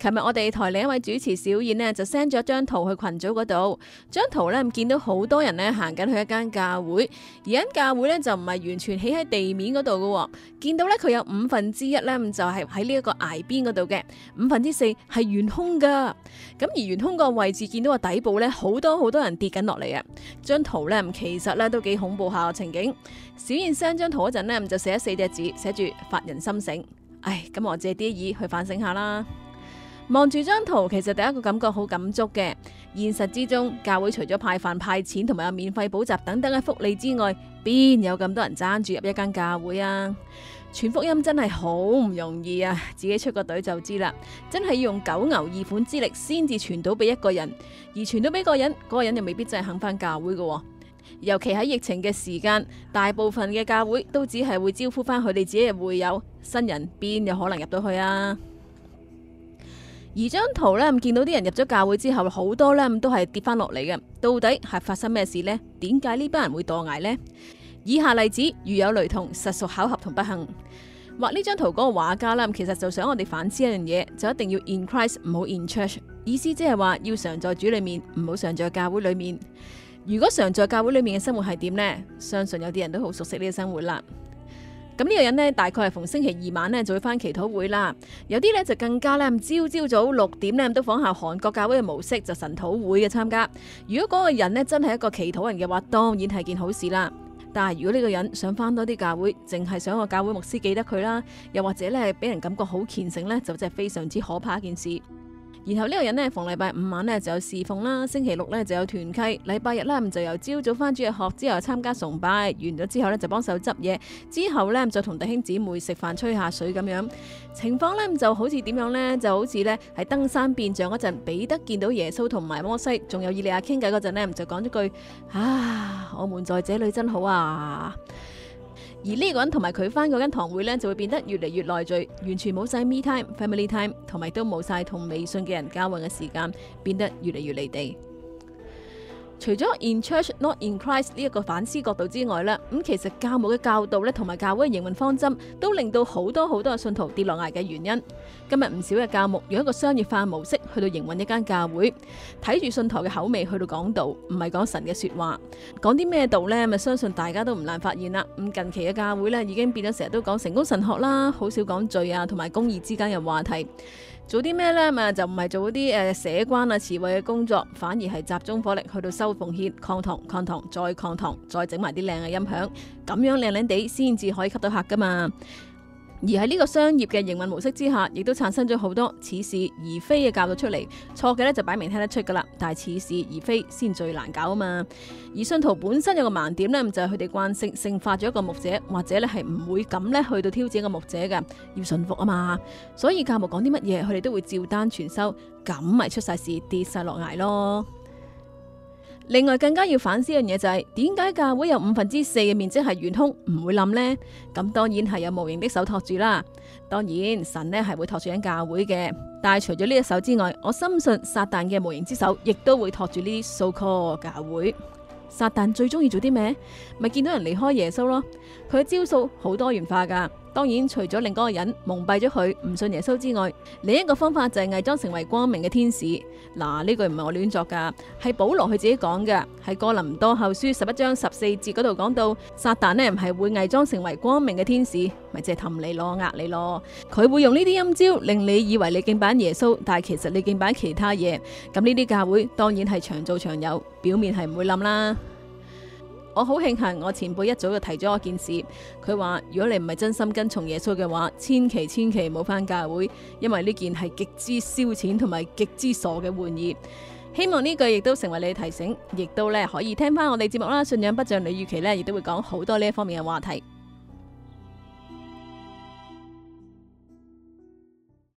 琴日我哋台另一位主持小燕呢，就 send 咗一張圖去群組嗰度。張圖呢，見到好多人咧行緊去一間教會，而間教會呢，就唔係完全起喺地面嗰度噶。見到呢，佢有五分之一呢，就係喺呢一個崖邊嗰度嘅，五分之四係懸空噶。咁而懸空個位置見到個底部呢，好多好多人跌緊落嚟啊！張圖呢，其實呢，都幾恐怖下嘅情景。小燕 send 張圖嗰陣呢，就寫咗四隻字，寫住發人心醒。唉，咁我借啲意去反省下啦。望住張圖，其實第一個感覺好感觸嘅。現實之中，教會除咗派飯派錢同埋有免費補習等等嘅福利之外，邊有咁多人爭住入一間教會啊？傳福音真係好唔容易啊！自己出個隊就知啦，真係要用九牛二虎之力先至傳到俾一個人，而傳到俾個人，嗰個人又未必真係肯返教會嘅啊。尤其喺疫情嘅時間，大部分嘅教會都只係會招呼翻佢哋，自己會友，新人，邊有可能入到去啊？而張圖咧，見到啲人入咗教會之後，好多咧都係跌翻落嚟嘅。到底係發生咩事呢？點解呢班人會墮崖呢？以下例子如有雷同，實屬巧合同不幸。畫呢張圖嗰個畫家啦，其實就想我哋反思一樣嘢，就一定要 in Christ，唔好 in church。意思即係話要常在主裏面，唔好常在教會裏面。如果常在教會裏面嘅生活係點呢？相信有啲人都好熟悉呢個生活啦。咁呢個人咧，大概係逢星期二晚咧就會返祈禱會啦。有啲呢就更加咧，朝朝早六點咧都仿效韓國教會嘅模式，就神禱會嘅參加。如果嗰個人咧真係一個祈禱人嘅話，當然係件好事啦。但係如果呢個人想返多啲教會，淨係想個教會牧師記得佢啦，又或者咧畀人感覺好虔誠咧，就真係非常之可怕一件事。然後呢個人呢，逢禮拜五晚呢就有侍奉啦，星期六呢就有團契，禮拜日呢，就由朝早返主日學之後參加崇拜，完咗之後呢，就幫手執嘢，之後呢，就同弟兄姊妹食飯吹下水咁樣。情況呢，就好似點樣呢？就好似呢，喺登山變像嗰陣，彼得見到耶穌同埋摩西仲有以利亞傾偈嗰陣呢，就講咗句啊，我們在這裏真好啊！而呢個人同埋佢返嗰間堂會咧，就會變得越嚟越內聚，完全冇晒 me time、family time，同埋都冇晒同微信嘅人交往嘅時間，變得越嚟越離地。除咗 in church not in Christ 呢一個反思角度之外咧，咁其實教牧嘅教導咧，同埋教會嘅營運方針，都令到好多好多嘅信徒跌落崖嘅原因。今日唔少嘅教牧用一個商業化模式去到營運一間教會，睇住信徒嘅口味去到講道，唔係講神嘅説話，講啲咩道呢？咪相信大家都唔難發現啦。咁近期嘅教會咧，已經變咗成日都講成功神學啦，好少講罪啊，同埋公義之間嘅話題。做啲咩呢？咪就唔係做啲誒、呃、寫關啊、慈惠嘅工作，反而係集中火力去到收奉獻、抗糖、抗糖，再抗糖，再整埋啲靚嘅音響，咁樣靚靚地先至可以吸到客噶嘛。而喺呢個商業嘅營運模式之下，亦都產生咗好多似是而非嘅教導出嚟，錯嘅咧就擺明聽得出噶啦。但係似是而非先最難搞啊嘛。而信徒本身有個盲點咧，就係佢哋慣性性化咗一個牧者，或者咧係唔會咁咧去到挑戰一個牧者嘅，要順服啊嘛。所以教牧講啲乜嘢，佢哋都會照單全收，咁咪出晒事，跌晒落崖咯。另外更加要反思一樣嘢，就係點解教會有五分之四嘅面積係懸空唔會冧呢？咁當然係有無形的手托住啦。當然神咧係會托住緊教會嘅，但係除咗呢一手之外，我深信撒旦嘅無形之手亦都會托住呢啲 so-called，教會。撒旦最中意做啲咩？咪見到人離開耶穌咯。佢嘅招數好多元化噶。當然，除咗令嗰個人蒙蔽咗佢唔信耶穌之外，另一個方法就係偽裝成為光明嘅天使。嗱，呢句唔係我亂作噶，係保羅佢自己講嘅，喺哥林多後書十一章十四節嗰度講到，撒旦呢唔係會偽裝成為光明嘅天使，咪即係氹你咯，呃你咯。佢會用呢啲陰招令你以為你敬拜耶穌，但係其實你敬拜，拜其他嘢。咁呢啲教會當然係長做長有，表面係唔會冧啦。我好慶幸，我前輩一早就提咗我件事。佢話：如果你唔係真心跟從耶穌嘅話，千祈千祈唔好返教會，因為呢件係極之燒錢同埋極之傻嘅玩意。希望呢句亦都成為你提醒，亦都咧可以聽翻我哋節目啦。信仰不像你預期呢，亦都會講好多呢一方面嘅話題。